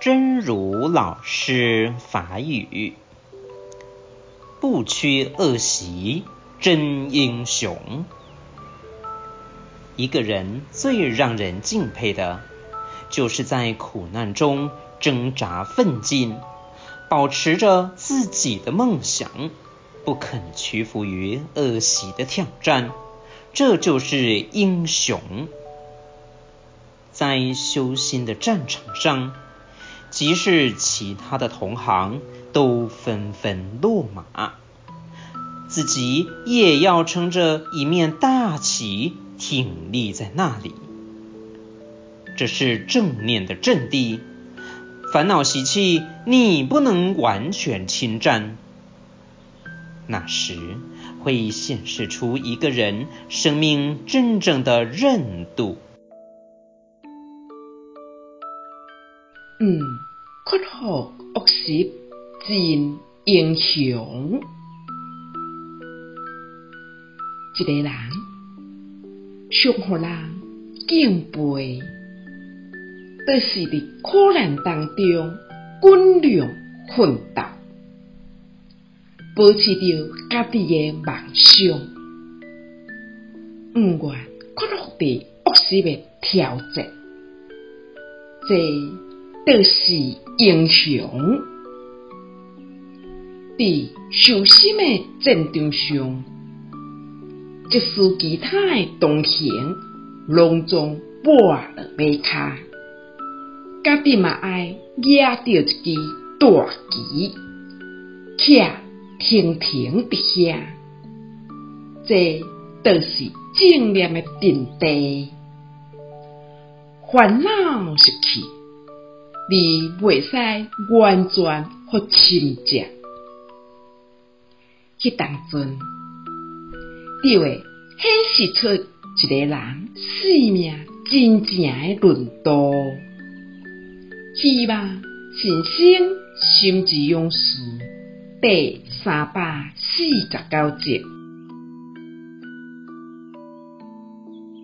真如老師法語，不屈惡習，真英雄。一個人最讓人敬佩的，就是在苦難中掙扎奮進，保持着自己的夢想，不肯屈服於惡習的挑戰，這就是英雄。在修心的戰場上。即使其他的同行都紛紛落馬，自己也要撐着一面大旗挺立在那裡。這是正念的陣地，煩惱習氣你不能完全侵占。那時會顯示出一個人生命真正的韌度。嗯，不屈惡習真英雄。一個人，上好人敬佩，都是佇困難當中堅強奮鬥，保持著家己的夢想，毋管不屈對惡習的挑戰，即。都、就是英雄，佇修心的戰場上，即、就、使、是、其他的同行攏總跋落馬骹，家己嘛愛舉着一支大旗，徛挺挺佇遐，這都是正念的陣地，煩惱習氣。而未使完全或侵佔，去當中，就會顯示出一個人生命真正誒韌度。希望新生心之勇士。第三百四十九集。